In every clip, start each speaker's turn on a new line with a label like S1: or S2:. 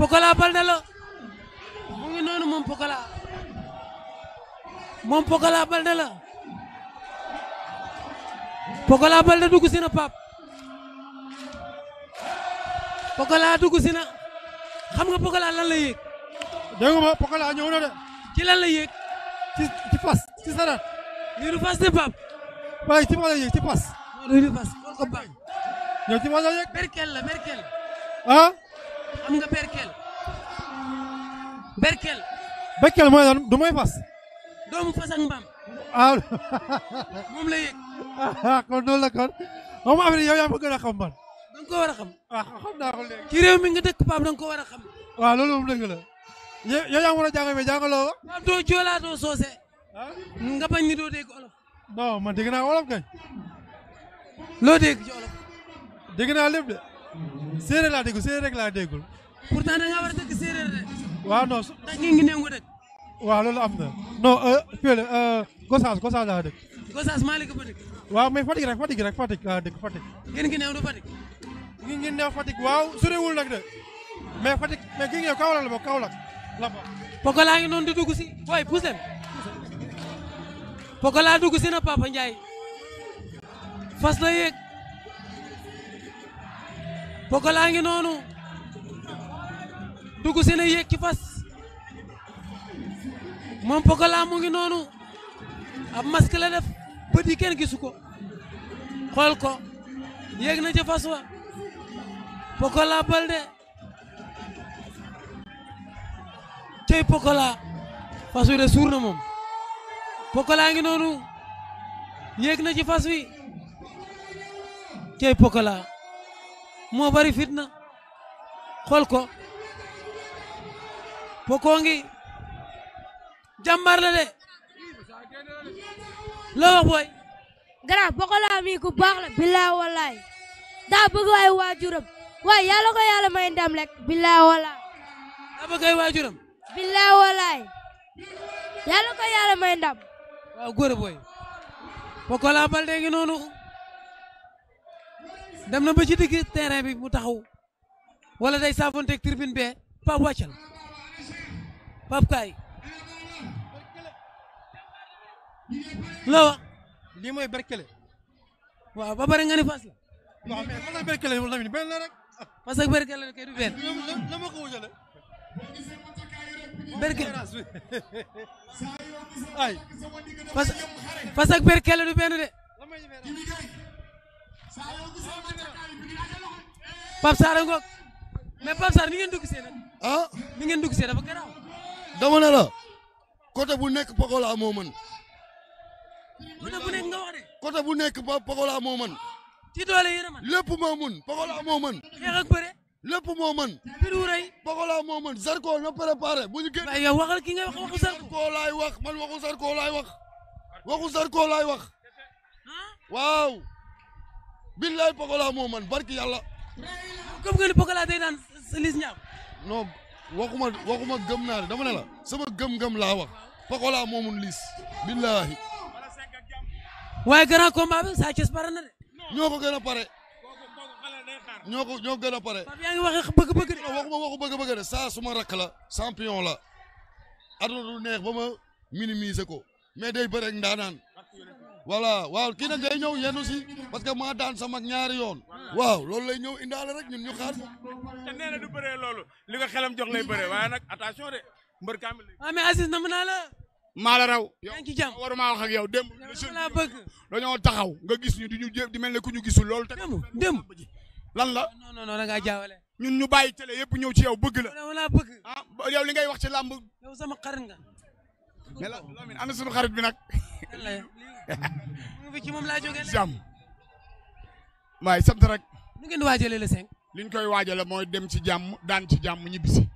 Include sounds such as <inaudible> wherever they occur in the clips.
S1: Pokola Baldé la mu ngi noonu moom Pokola moom Pokola Baldé la Pokola Baldé dugg si na Pape Pokola dugg si na xam nga Pokola lan la yéeg. dégg nga Pokola ñëw na de. ci lan la yéeg. ci sarat. lii fas de Pape. waaye ci ma la yéeg ci fas. lii fas Merkel la Merkel. Ah? am nga berkel. berkel. berkel mooy lan du mooy fas. doomu fas ak mbaam. ah. <laughs> moom la yëg. <laughs> kon loolu la kon moom Amady yow yaa ma gën a xam man. da ko war a xam. ah naa ci réew mi nga dëkk Pape da ko war a xam. waaw loolu moom la. yow yow yaa ma war a jàngal mais jàngaloo ko. Pape doo Joola Soose. Ah? nga bañ ni doo dégg olof. non man naa olof kay. loo dégg ci olof. naa lépp de. séeréer laa déglu séeréer rek laa déggul. pourtant da ngaa war a dëkk séeréer de.
S2: waaw non su. ndax
S3: ngi
S1: ngi néew
S2: nga dëkk. waaw loolu am na non euh, fële euh, Gossas laa dëkk.
S1: Gossas Malick Fatick.
S2: waaw mais Fatick rek Fatick rek Fatick laa dëkk Fatick. ngi néew du Fatick. ngi ngi néew Fatick waaw soriwul nag de mais Fatick mais gi ngi Kaolack la bokk Kaolack la bokk. ngi noonu di dugg si booy
S1: pousse leen. Pokola na Papa Ndiaye. fas la Pokola ngi noonu dugg si yéeg ci fas moom Pokola mu ngi noonu ab masque la def bët yi kenn gisu ko xool ko yéeg na ci fas wa Pokola Baldé cey Pokola fas wi de suur na moom Pokola ngi noonu yéeg na ci fas wi cey Pokola moo bari fitna xool ko pokongi jàmbaar la de loo wax booy gara pokola mi ku baax la bilaa walaay daa bëgg ay waajuram waaye yàlla ko yàlla may ndam rek bilaa walaay daa bëgg ay waajuram bilaa walaay yàlla ko yàlla may ndam waaw góor booy pokola balde noonu dem na ba ci digg terrain bi mu taxaw wala day saafonteeg tribune bee Pape wàccal Pape kaay
S4: loo wax lii mooy berkele waaw ba pare nga ni fas la berkele parce que berkele du
S3: benn
S1: berkele ay berkele du benn de Pape Sarr ngoog mais Pape Sarr ni ngeen dugg see nag. ah ni ngeen dugg see dafa garaaw. dama ne la
S5: bu nekk Pokola moo mën. côté bu nekk nga wax de. bu nekk Pokola moo mën. ci doole yi man. lépp moo mën Pokola moo mën. xeex ak bëre. lépp moo mën. biir wu rëy. Pokola moo mën Zarko na préparé bu ñu génn. waaye yow ki nga wax waxu Zarko laay wax man waxu Zarko laay wax. waxu Zarko laay ah? waaw. billaay Pokola moo man barki yàlla. comme que ni Pokola day daan Liss Ndiago. non waxuma waxuma gëm naa dama ne la sama gëm-gëm laa wax Pokola moo mun Liss. billaahi. waaye grand combat bi Sa Thiès pare na de. ñoo ko gën a pare. ñoo ko ñoo a pare. Pape yaa ngi wax bëgg-bëgg de. de saa suma rakk la. champion la. aduna du neex ba ma minimiser ko mais day bëre ak ndaanaan. voilà waaw kii nag day ñëw yenn si parce que maa daan sama ñaari yoon. waaw loolu lay ñëw indaale rek ñun ñu xaar. te nee na du bëree loolu li ko xelam jox lay bëree waaye nag attention de mbër kaamil. waaw ah, mais Aziz namm naa la. maa la raw. yaa ngi ci jàmm waruma wax ak yow démb. la bëgg dañoo taxaw nga gis ñu di ñu di mel ne ku ñu gisul loolu. démb démb lan la. non non non da ngaa ñun ñu bàyyi télé yëpp ñëw ci yow bëgg la. wala bëgg. ah yow li ngay wax ci làmb. yow sama nga. mais la Lamine ana suñu xarit bi nag. <laughs> fi ci moom laa jógee jàmm waaye sant rek. nu ngeen waajalee le cinq. li ñu koy waajale mooy dem ci jàmm daan ci jàmm ñibbisi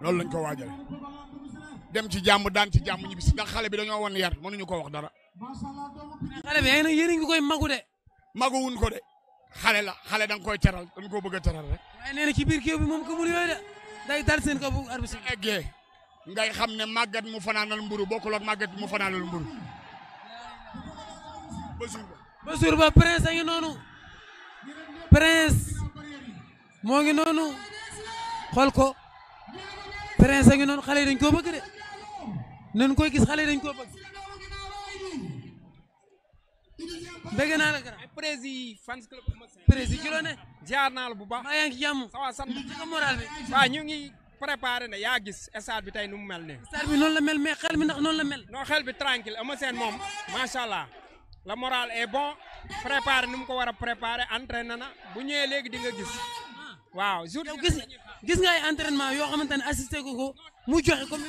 S5: loolu lañ ko waajale dem ci jàmm daan ci jàmm ñibbisi ndax xale bi dañoo won yar ñu ko wax dara.
S6: xale bi yéen ngi
S5: koy magu de. magu wuñ ko de xale la xale da nga koy teral dañ koo bëgg a teral rek. waaye nee na ci biir kéew bi moom ko mu yooyu de day dal seen kaw bu arbitre eggee ngay xam ne màggat mu
S1: fanaanal mburu bokkul ak màggat mu fanaanal mburu ba suur ba prince a ngi noonu prince moo ngi noonu xool ko prince a ngi noonu xale yi dañ koo bëgg de nañ koy gis xale yi dañ koo
S4: bëgg bëgg naa la gara prési fans club prési naa bu baax maa yaa préparé na yaa gis stade bi tey nu mu mel nii. stade bi noonu la mel mais xel mi ndax noonu la mel. non xel bi tranquille ama seen moom macha allah le moral est bon préparé ni mu ko war a préparé entraîné na bu ñëwee léegi di nga gis waaw. jour gis gis nga ay entraînement yoo xamante ne assisté ko ko mu joxe comme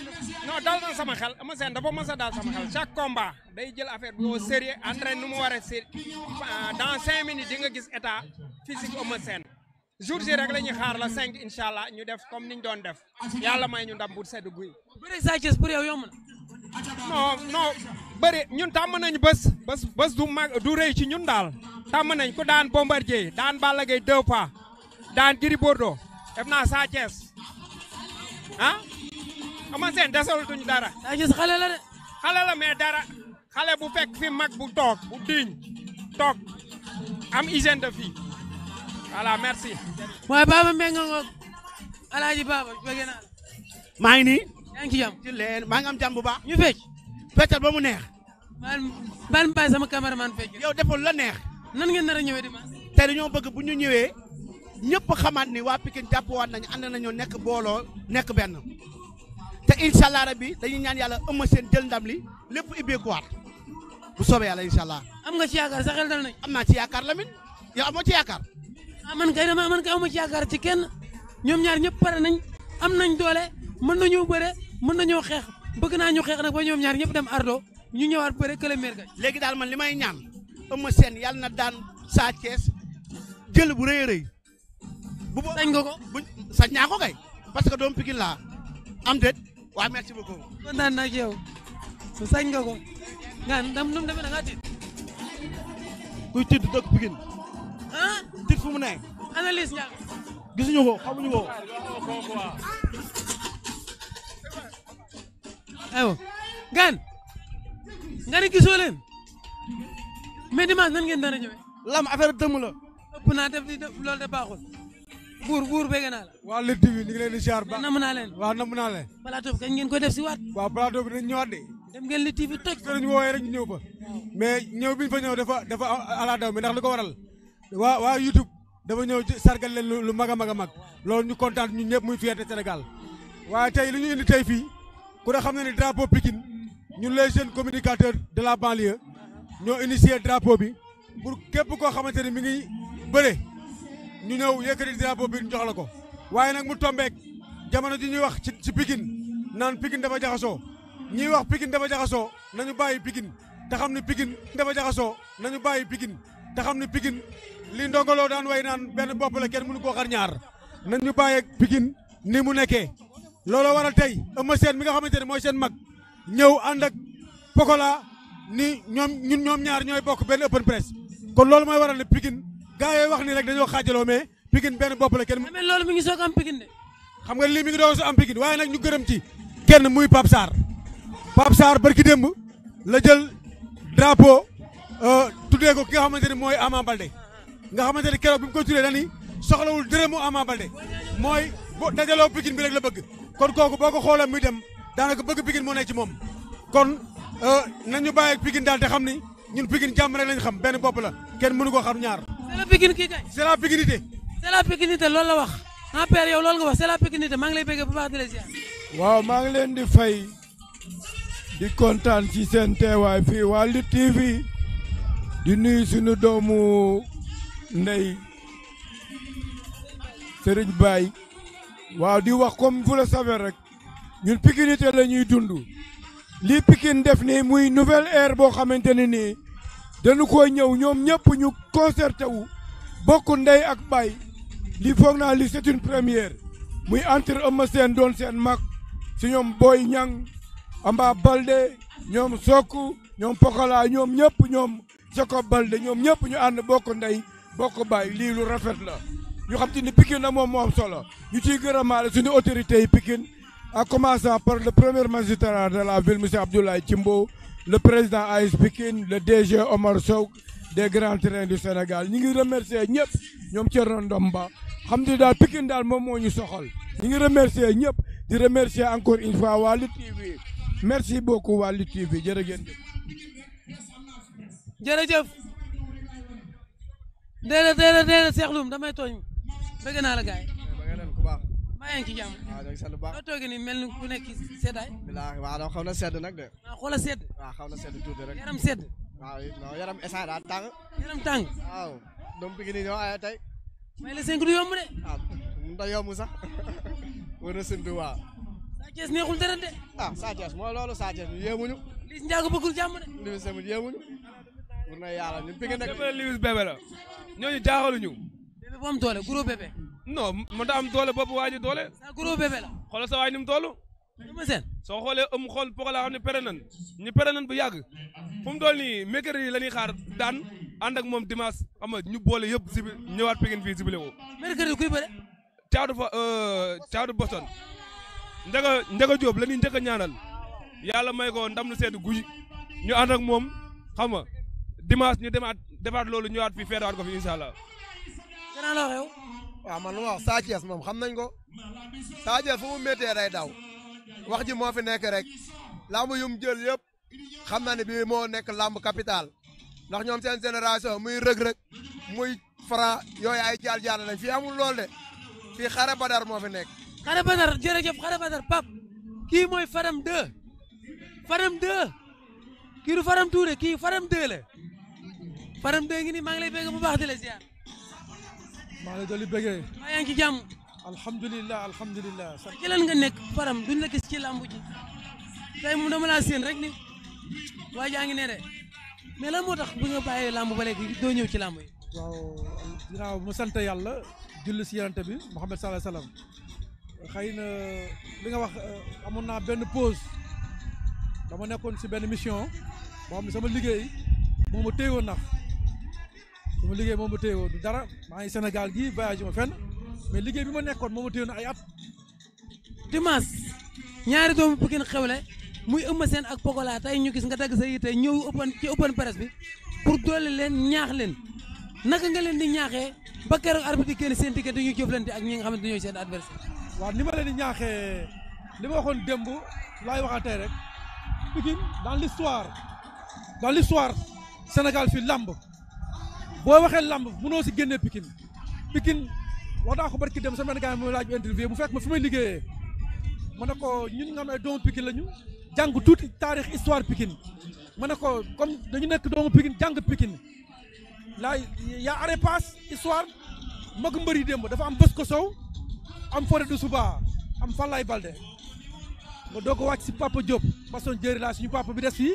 S4: non dal na sama xel ama seen dafa mos a dal sama xel chaque combat day jël affaire bi au sérieux entraîné nu mu war a euh, dans cinq minutes di nga gis état physique ama seen. jour ji rek la ñuy xaar la cinq incha allah ñu def comme ñu doon def yàlla may ñu ndam bu sedd guy. bëri Sa Thiès pour yow yomb na. non non bëri ñun tàmm nañu bés bés bés du mag du rëy ci ñun daal tàmm nañ ko daan Bombardier daan Balla Gaye deux fois daan Gris Bordeaux def naa Sa Thiès ah ama seen desalutuñ dara. Sa Thiès xale la de. xale la mais dara xale bu fekk fi mag bu toog u diñ toog am hygiène de vie. voilà merci.
S1: waaye Baba Mbengue nga
S4: Alaaji Baba bëgg naa la. maa ngi nii. yaa ngi ci ci leen maa ngi am jàmm
S1: bu baax. ñu fecc. feccal ba mu neex. man man Mbaye sama maan fecc. yow deful la neex. nan ngeen nar a ñëwee dimanche. tey dañoo bëgg bu ñu ñëwee ñëpp xamaat ni waa Pikine jàppuwaat nañu ànd nañoo nekk booloo nekk benn te incha allah rabi dañuy ñaan yàlla ëmma seen jël ndam li lépp ubbeekuwaat bu soobee yàlla incha allah. am nga ci yaakaar sa xel dal am naa ci yaakaar Lamine yow amoo ci yaakaar. ah man kay dama man kay amu ci yaakaar ci kenn ñoom ñaar ñëpp pare nañ am nañ doole mën nañoo bëre mën nañoo xeex bëgg naa ñu xeex nag ba ñoom ñaar ñëpp dem ardo ñu ñëwaat bëre kële meer gañ léegi daal man li may ñaan Eumeu seen yàlla na daan Sa Thiès jël bu rëy rëy bu boobaa sañ nga ko bu sañ naa ko kay parce que doom Pikine laa am déet waaw merci beaucoup. kontaan naa ci yow sañ nga ko nga dam nu mu demee da ngaa tiit kuy tiit ah tit fu mu ne. analyse ñàkk. gisuñu ko xamuñu ko. aywa. gan. nga ne gisoo leen. mais dimanche nan ngeen dara ñëwee. lam affaire dëmm la. ëpp def li de baaxul. buur buur bëgg
S6: naa la. waa Lutte TV ñu ngi leen di ziar ba. namm naa leen waaw namm naa leen. kañ ngeen ko def si waat. waaw plateau bi dañ ñëwaat de. dem ngeen Lutte TV toj. sëriñ woowee rek ñu ñëw fa. mais ñëw bi fa ñëw dafa dafa ala daw mi ndax li ko waral. waa waa YouTube dafa ñëw sargal leen lu mag a mag a mag loolu ñu kontaan ñun ñëpp muy fierté Sénégal waaye tey li ñu indi tey fii ku ne xam na ne drapeau Pikine ñun les jeunes communicateurs de la banlieue ñoo initié drapeau bi pour képp koo xamante ne mi ngi bëre ñu ñëw yëkkati drapeau bi ñu jox la ko. waaye nag mu tombeek jamono ji ñuy wax ci ci Pikine naan Pikine dafa jaxasoo ñiy wax Pikine dafa jaxasoo nañu bàyyi Pikine te xam ne pikin dafa jaxasoo ñu bàyyi pikin te xam ne Pikine li Ndongo loo daan way naan benn bopp la kenn mënu koo xar ñaar nañ ñu bàyyee Pikine ni mu nekkee looloo waral tey Eumeu Sène mi nga xamante ne mooy seen mag ñëw ànd ak Pokola ni ñoom ñun ñoom ñaar ñooy bokk benn open press kon loolu mooy waral ne Pikine gars yooyu wax ni rek dañoo xaajaloo mais Pikine benn bopp la kenn. Ah, mais loolu mi ngi soog am Pikine de. xam nga lii mi ngi doog a am Pikine waaye nag ñu gërëm ci kenn muy Pape Sarr Pape Sarr barki démb la jël drapeau. Euh, tuddee ko ki nga xamante ni mooy Ama Balde nga xamante ni keroog bi mu koy tuddee dañuy soxlawul dërëmu Ama Balde mooy bu dajaloo Pikine bi rek la bëgg kon kooku boo ko xoolee muy dem daanaka bëgg Pikine moo nekk moom kon euh, nañu bàyyi Pikine daal te xam ni ñun Pikine jàmm rek lañ xam benn bopp la kenn mënu ko xam ñaar. c'est la Pikine kii kay. c'est la Pikinité. c'est la Pikinité loolu la wax. en ah,
S1: père yow loolu nga wax c'est la Pikinité maa ngi lay la ziar.
S3: waaw maa ngi leen di fay di kontaan ci seen teewaay fii waa Lutte di nuyu suñu doomu ndey Serigne Baye waaw di wax comme vous le rek ñun pikinité la ñuy dund lii def ni muy nouvelle ère boo xamante ne ni dañu ko ñëw ñoom ñëpp ñu concerté wu bokk ndey ak baay li foog naa li c'est une première muy entre Eumeu Sène doon seen mag si ñoom Boy Niang Amba Baldé ñoom Sokku ñoom Pokola ñoom ñëpp ñoom Jacob Balde ñoom ñëpp ñu ànd bokk ndey bokk baay lii lu rafet la ñu xam te ni Pikine na moom moo am solo ñu ciy gërëmaale suñu autorités yi Pikine a commencer par le premier magistrat de la ville monsieur Abdoulaye Thimbo le président AS Pikine le DG Omar Sow des grands trains du Sénégal ñu ngi remercier ñëpp ñoom Thierno ba xam ni daal Pikine daal moom moo ñu soxal ñu ngi remercier ñëpp di remercier encore une fois waa TV merci beaucoup waa Lutte TV jërë ngeen jërëjëf
S1: déedéet déedéet déedéet Cheikh Loum damay tooñ bëgg naa la gars yi maa ngi ci jàmm waaw toogee ni mel ni ku nekk seddaay waaw doo xaw sedd
S4: nag de daa tàng yaram tàng waaw doom ñoo aye may la cinq du yomb de waaw ah, mun sax war a sintu waaw Sa Thiès neexul dara de ah Sa Thiès mooy loolu Sa Thiès ñu yéemuñu Liss Ndiago bëggul jàmm de Liss Ndiago yéemuñu pour ne yàlla ñun Pikine nekk bébé la ñooñu jaaxaluñu. bébé bu am doole gros bébé. non mënut a am doole bopp waa doole. sa gros bébé la. xoolal mu toll. soo xoolee am xool pox am xam ne pere nan ñu pere nan bu yàgg fu mu toll nii mercredi la ñuy xaar daan ànd moom dimanche xam ñu boole yëpp si ñëwaat Pikine fii si bile ko. mercredi kuy bëre. Thiatou fa euh, Thiatou Boston. Ndiaga Ndiaga Diop la ñuy njëkk a ñaanal yàlla may ko ndam lu sedd guy ñu ànd moom xam nga dimanche ñu demaat defaat loolu ñëwaat fii feedaat ko fi incha allah.
S6: gannaaw la xew. waaw man ma wax Sa xam nañ ko Sa Thiès fu mu méttee day daw wax ji moo fi nekke rek làmb yu mu jël yëpp xam naa ne bii moo nekk làmb capital ndax ñoom seen génération muy rëg-rëg muy Franc yooyu ay jaal jaal lañ fii amul lool de fii xare badar moo fi nekk. xare badar jërëjëf xare badar pap kii mooy Faram 2
S1: Faram 2 kii du Faram Touré kii Faram 2 param dégg ni maa ngi lay bëgg bu baax di la ziar.
S2: maa ngi lay dolli bëggee. maa yaa ngi ci jàmm. alhamdulilah nga nekk
S1: param duñ la gis ci làmb ji. tey moom dama laa séen rek ni waa jaa ngi ne rek mais lan moo tax bu nga bàyyee làmb ba léegi doo
S2: ñëw ci làmb yi. waaw ginnaaw bu sant yàlla julli si yonent bi Muhammad sallallahu alayhi wasallam na li nga wax euh, amoon naa benn pause dama nekkoon si benn mission boo xam sama liggéey moom ma su ma liggéey moom ma téye woon dara maa ngi Sénégal gii voyage ma fenn mais liggéey bi ma nekkoon moom ma téye woon ay at. Dimanche ñaari doomu Pikine xewle muy Eumeu
S1: Sène ak Pokola tey ñu gis nga dagg sa yi tey ñëw open ci open press bi pour doole leen ñaax leen naka nga leen di ñaaxee ba keroog arbitre di kenn seen diggante ak ñi nga xamante ne ñooy seen
S2: adversaire. waaw ni ma leen di ñaaxee li ma waxoon démb laay waxatee rek Pikine dans l'histoire dans l'histoire Sénégal fi lamb boo waxee lamb mënoo si génnee Pikine Pikine wax naa ko ki dem sa benn gars mooy laaj interview bu fekk ma fi may liggéeyee ma ne ko ñun nga xam ne doomu Pikine lañu jàng tuuti taarix histoire Pikine ma ne ko comme dañu nekk doomu Pikine jàng Pikine laay yaa are paas histoire mag mbëri démb dafa am bës ko sow am forêt du suba am Fallaye Balde nga doog a wàcc si papa Diop façon jëri laa suñu papa bi des fii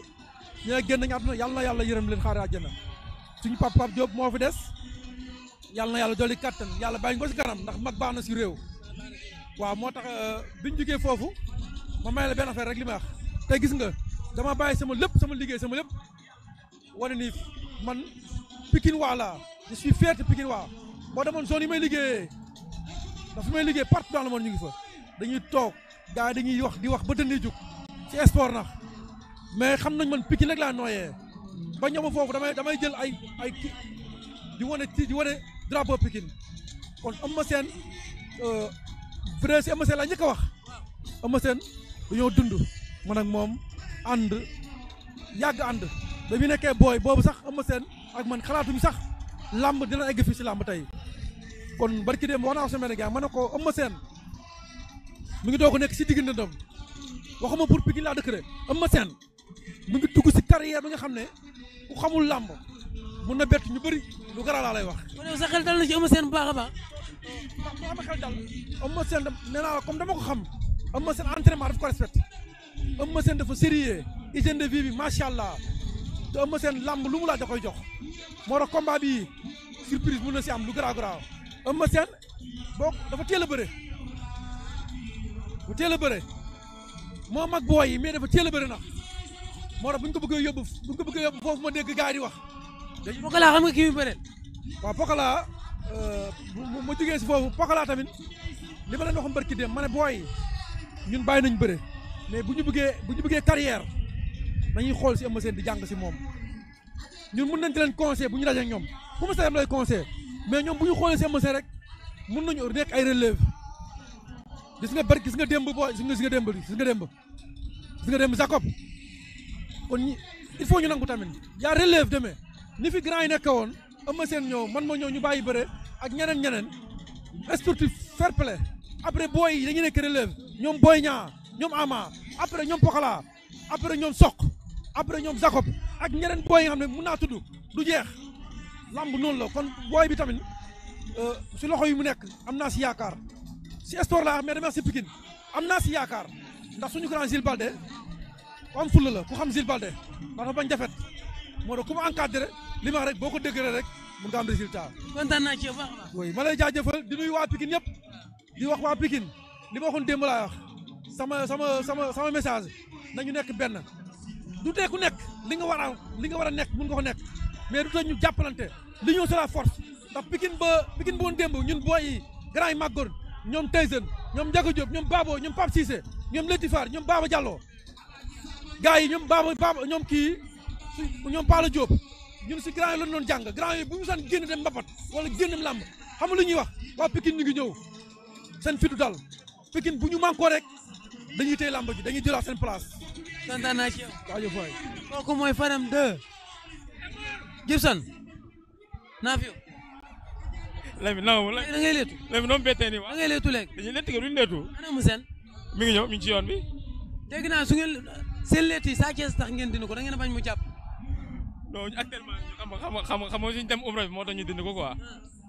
S2: ñu ne génn nañu àdduna yàlla na yàlla yërëm leen xaar àjjana suñu pap pap Diop moo fi des yàlla na yàlla dolli kattan yàlla bàyyi ko si kanam ndax mag baax na si réew waaw moo tax bi euh, biñu jugee foofu ma may la benn affaire rek li te gis nga dama bàyyi sama lépp sama liggéey sama lépp wane ni man Pikine waa laa je suis fier de Pikine waa boo demoon soo yi may liggéeyee daf may liggéey partout dans le monde ñu ngi fa dañuy toog gars yi dañuy wax di wax ba dëndee jóg ci sport nax mais xam nañ man Pikine rek laa ba ñëw foofu damay damay jël ay ay ki di wane ti di wane drapeau Pikine kon Eumeu Sène euh, vrai si Eumeu Sène wax Eumeu Sène dañoo dund man ak moom ànd yàgg ànd ba mu nekkee booy boobu sax Eumeu Sène ak man xalaatuñ sax làmb dina egg fii si làmb tey kon barki dem wax naa sama benn gars ma ne ko Eumeu Sène mi ngi doo ko nekk si digg ndëndam waxuma pour Pikine laa dëkk de Eumeu Sène mu ngi dugg si carrière bi nga xam ne u xamul làmb mun na bett ñu bëri lu gara laa lay wax. kon yow sa xel dal na ci Eumeu Sène bu baax a ma ndax bu amee xel dal Eumeu Sène nee naa dama ko xam Eumeu Sène entraînement daf ko respecté Eumeu Sène dafa sérieux hygiène de vie bi allah te Eumeu Sène làmb lu mu laa da koy jox moo tax combat bi surprise mun na si am lu garaaw garaaw Eumeu Sène boo dafa teel a bëre bu teel a bëre moo mag booy yi mais dafa teel a bëre ndax. moo tax bu ñu ko bëggee yóbbu bu ñu ko bëggee yóbbu foofu ma dégg gars yi di wax. dañu Pokola xam nga kii bi beneen. waaw Pokola euh, ma jógee si foofu Pokola tamit li ma leen waxoon barki dem ma ne booy ñun bàyyi nañ bëre mais bu ñu bëggee bu ñu bëggee carrière nañuy xool si Eumeu Sène di jàng si moom ñun mën nañ di leen conseil bu ñu dajee ak ñoom bu ma seetlu lay conseil mais ñoom bu ñu xoolee si Eumeu rek mën nañu nekk ay relève gis nga bari gis nga démb booy gis nga gis nga démb gis nga démb gis kon ñi il faut ñu nangu tamit yaa relève demee ni fi grand yi nekk woon ëmma seen ñëw man ma ñëw ñu bàyyi bëre ak ñeneen ñeneen sportif fair play après booy yi dañuy nekk relève ñoom booy ñaa ñoom ama après ñoom poxala après ñoom soq après ñoom jacob ak ñeneen booy yi xam ne mun naa tudd du jeex lamb noonu la kon booy bi tamit euh, si loxo yi mu nekk am naa si yaakaar si sport laa mais dama si Pikine am naa si yaakaar ndax suñu grand Gilles Balde ku am fulla la ku xam Jules Baldé ndax dafa bañ defet moo tax ku mu encadré li ma rek boo ko dëgëree rek mun nga am résultat. kontaan naa ci yow di waa Pikine ñëpp di wax waa Pikine li ma waxoon démb laa wax sama sama sama sama message nañu nekk benn du tee ku nekk li nga war a li nga war a nekk mun nga ko nekk mais du ñu jàppalante li ñoo c'est la force ndax Pikine ba Pikine bu woon démb ñun booy yi grand yi màggoon ñoom Tyson ñoom Ndiaga Diop ñoom Babo ñoom Pape Cissé ñoom Letifaar ñoom Baba Diallo gars yi ñoom baaba baaba ñoom kii ñoom Paala Diop ñun si grand yi lañ doon jàng grand yi bu mu san génn dem mbapat wala génn làmb xam lu ñuy wax waa Pikine ñu ngi ñëw seen fitu dal Pikine bu ñu mànkoo rek dañuy téye làmb ji dañuy jëlaat seen place. kontaan naa ci yow. waajal fooy. kooku mooy Fadam 2. Gibson.
S1: naa fi yow. na nga da ngay leetu. Lamine doomu bettee nii waaw. da ngay dañuy leetu kër duñu leetu. mu seen. mi yoon bi. dégg seen leet yi Sa Thiès tax ngeen dindi ko da ngeen a bañ mu jàpp. donc actuellement xam nga xam nga xam nga suñ dem umra bi moo tax ñu dindi ko quoi.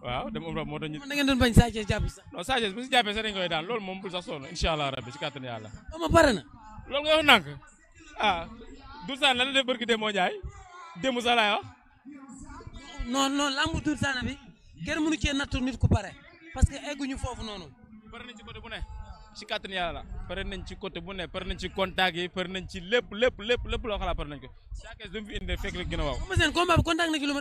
S1: waaw dem umra bi moo tax ñu. man da ngeen doon bañ Sa Thiès jàpp sax. non Sa Thiès bu si jàppee sax dañ koy daan loolu moom bul sax sonn incha allah rabbi si kàttan yàlla. ama oh, pare na. loolu nga wax nànk ah Doudou Sane lan la def barki Demba Ndiaye démb sax laay wax. non non lambu Doudou Sane bi kenn mënu cee nattu nit ku pare parce que egguñu foofu noonu. pare nañ ci côté bu ne. si kàttan yàlla pare nañ ci contact yi pare nañ ci lépp lépp lépp lépp loo xalaat pare nañ ko. saa kees du mu fi indee